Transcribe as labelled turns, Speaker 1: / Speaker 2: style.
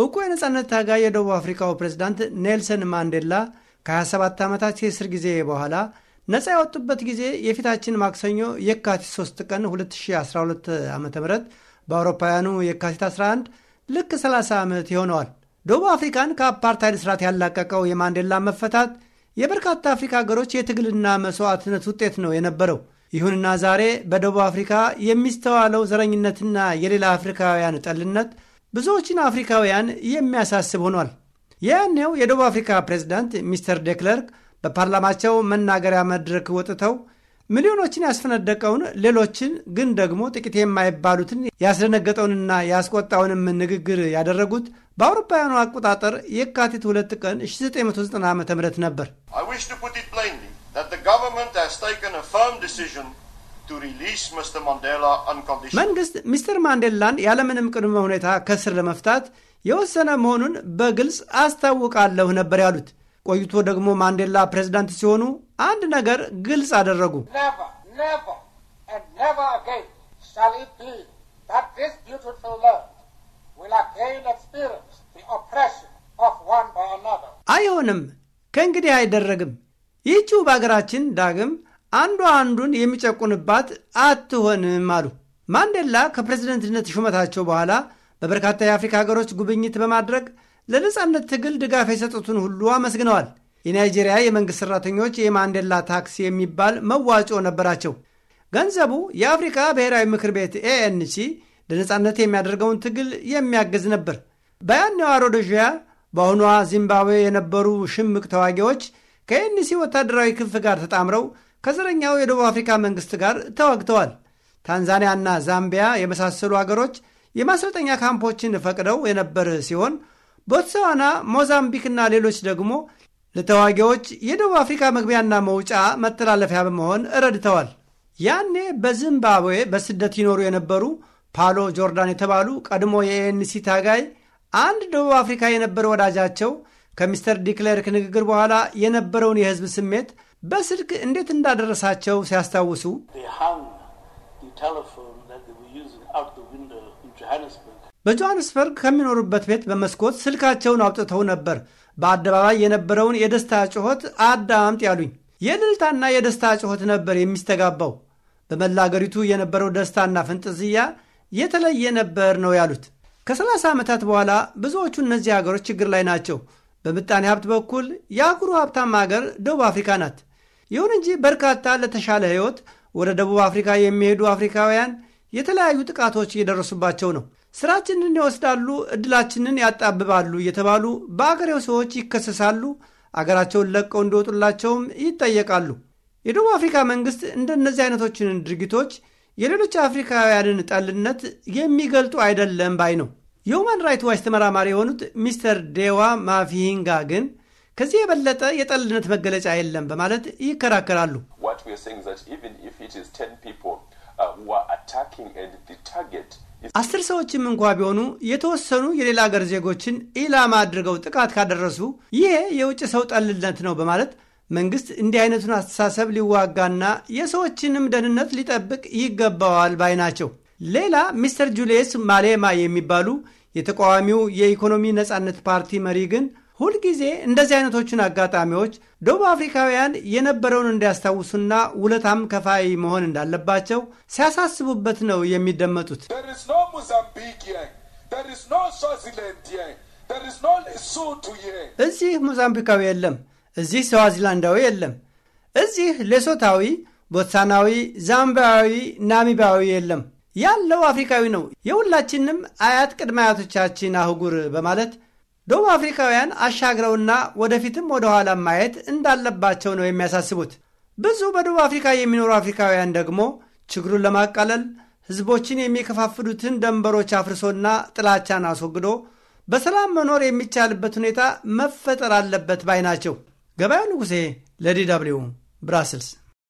Speaker 1: እውቁ የነፃነት ታጋይ የደቡብ አፍሪካው ፕሬዝዳንት ኔልሰን ማንዴላ ከ27 ዓመታት የእስር ጊዜ በኋላ ነፃ ያወጡበት ጊዜ የፊታችን ማክሰኞ የካቲት 3 ቀን 2012 ዓ ም በአውሮፓውያኑ የካቲት 11 ልክ 30 ዓመት ይሆነዋል። ደቡብ አፍሪካን ከአፓርታይድ ስርዓት ያላቀቀው የማንዴላ መፈታት የበርካታ አፍሪካ ሀገሮች የትግልና መስዋዕትነት ውጤት ነው የነበረው። ይሁንና ዛሬ በደቡብ አፍሪካ የሚስተዋለው ዘረኝነትና የሌላ አፍሪካውያን ጠልነት ብዙዎችን አፍሪካውያን የሚያሳስብ ሆኗል። ያኔው የደቡብ አፍሪካ ፕሬዝዳንት ሚስተር ደክለርክ በፓርላማቸው መናገሪያ መድረክ ወጥተው ሚሊዮኖችን ያስፈነደቀውን ሌሎችን ግን ደግሞ ጥቂት የማይባሉትን ያስደነገጠውንና ያስቆጣውንም ንግግር ያደረጉት በአውሮፓውያኑ አቆጣጠር የካቲት ሁለት ቀን 1990 ዓ ም ነበር። መንግስት ሚስተር ማንዴላን ያለምንም ቅድመ ሁኔታ ከስር ለመፍታት የወሰነ መሆኑን በግልጽ አስታውቃለሁ ነበር ያሉት። ቆይቶ ደግሞ ማንዴላ ፕሬዝዳንት ሲሆኑ አንድ ነገር ግልጽ አደረጉ። አይሆንም፣ ከእንግዲህ አይደረግም። ይህችው በአገራችን ዳግም አንዱ አንዱን የሚጨቁንባት አትሆንም አሉ። ማንዴላ ከፕሬዝደንትነት ሹመታቸው በኋላ በበርካታ የአፍሪካ ሀገሮች ጉብኝት በማድረግ ለነፃነት ትግል ድጋፍ የሰጡትን ሁሉ አመስግነዋል። የናይጄሪያ የመንግሥት ሠራተኞች የማንዴላ ታክስ የሚባል መዋጮ ነበራቸው። ገንዘቡ የአፍሪካ ብሔራዊ ምክር ቤት ኤኤንሲ ለነፃነት የሚያደርገውን ትግል የሚያግዝ ነበር። በያኔዋ ሮዶዥያ በአሁኗ ዚምባብዌ የነበሩ ሽምቅ ተዋጊዎች ከኤንሲ ወታደራዊ ክንፍ ጋር ተጣምረው ከዘረኛው የደቡብ አፍሪካ መንግሥት ጋር ተዋግተዋል። ታንዛኒያና ዛምቢያ የመሳሰሉ አገሮች የማሰልጠኛ ካምፖችን ፈቅደው የነበር ሲሆን ቦትስዋና፣ ሞዛምቢክና ሌሎች ደግሞ ለተዋጊዎች የደቡብ አፍሪካ መግቢያና መውጫ መተላለፊያ በመሆን ረድተዋል። ያኔ በዚምባብዌ በስደት ይኖሩ የነበሩ ፓሎ ጆርዳን የተባሉ ቀድሞ የኤንሲ ታጋይ አንድ ደቡብ አፍሪካ የነበረ ወዳጃቸው ከሚስተር ዲክለርክ ንግግር በኋላ የነበረውን የሕዝብ ስሜት በስልክ እንዴት እንዳደረሳቸው ሲያስታውሱ በጆሃንስበርግ ከሚኖሩበት ቤት በመስኮት ስልካቸውን አውጥተው ነበር በአደባባይ የነበረውን የደስታ ጩኸት አዳምጥ ያሉኝ። የልልታና የደስታ ጩኸት ነበር የሚስተጋባው። በመላ አገሪቱ የነበረው ደስታና ፍንጥዝያ የተለየ ነበር ነው ያሉት። ከ30 ዓመታት በኋላ ብዙዎቹ እነዚህ ሀገሮች ችግር ላይ ናቸው። በምጣኔ ሀብት በኩል የአህጉሩ ሀብታም ሀገር ደቡብ አፍሪካ ናት። ይሁን እንጂ በርካታ ለተሻለ ሕይወት ወደ ደቡብ አፍሪካ የሚሄዱ አፍሪካውያን የተለያዩ ጥቃቶች እየደረሱባቸው ነው። ስራችንን ይወስዳሉ፣ እድላችንን ያጣብባሉ እየተባሉ በአገሬው ሰዎች ይከሰሳሉ። አገራቸውን ለቀው እንዲወጡላቸውም ይጠየቃሉ። የደቡብ አፍሪካ መንግስት እንደነዚህ አይነቶችን ድርጊቶች የሌሎች አፍሪካውያንን ጠልነት የሚገልጡ አይደለም ባይ ነው። የሁማን ራይት ዋች ተመራማሪ የሆኑት ሚስተር ዴዋ ማፊሂንጋ ግን ከዚህ የበለጠ የጠልነት መገለጫ የለም በማለት ይከራከራሉ። uh, አስር ሰዎችም እንኳ ቢሆኑ የተወሰኑ የሌላ አገር ዜጎችን ኢላማ አድርገው ጥቃት ካደረሱ ይሄ የውጭ ሰው ጠልነት ነው በማለት መንግስት እንዲህ አይነቱን አስተሳሰብ ሊዋጋና የሰዎችንም ደህንነት ሊጠብቅ ይገባዋል ባይ ናቸው። ሌላ ሚስተር ጁልየስ ማሌማ የሚባሉ የተቃዋሚው የኢኮኖሚ ነጻነት ፓርቲ መሪ ግን ሁልጊዜ እንደዚህ አይነቶቹን አጋጣሚዎች ደቡብ አፍሪካውያን የነበረውን እንዲያስታውሱና ውለታም ከፋይ መሆን እንዳለባቸው ሲያሳስቡበት ነው የሚደመጡት። እዚህ ሞዛምቢካዊ የለም፣ እዚህ ስዋዚላንዳዊ የለም፣ እዚህ ሌሶታዊ፣ ቦትሳናዊ፣ ዛምቢያዊ፣ ናሚቢያዊ የለም። ያለው አፍሪካዊ ነው፣ የሁላችንም አያት ቅድመ አያቶቻችን አህጉር በማለት ደቡብ አፍሪካውያን አሻግረውና ወደፊትም ወደ ኋላ ማየት እንዳለባቸው ነው የሚያሳስቡት። ብዙ በደቡብ አፍሪካ የሚኖሩ አፍሪካውያን ደግሞ ችግሩን ለማቃለል ሕዝቦችን የሚከፋፍሉትን ደንበሮች አፍርሶና ጥላቻን አስወግዶ በሰላም መኖር የሚቻልበት ሁኔታ መፈጠር አለበት ባይ ናቸው። ገበያው ንጉሴ ለዲ ደብልዩ ብራስልስ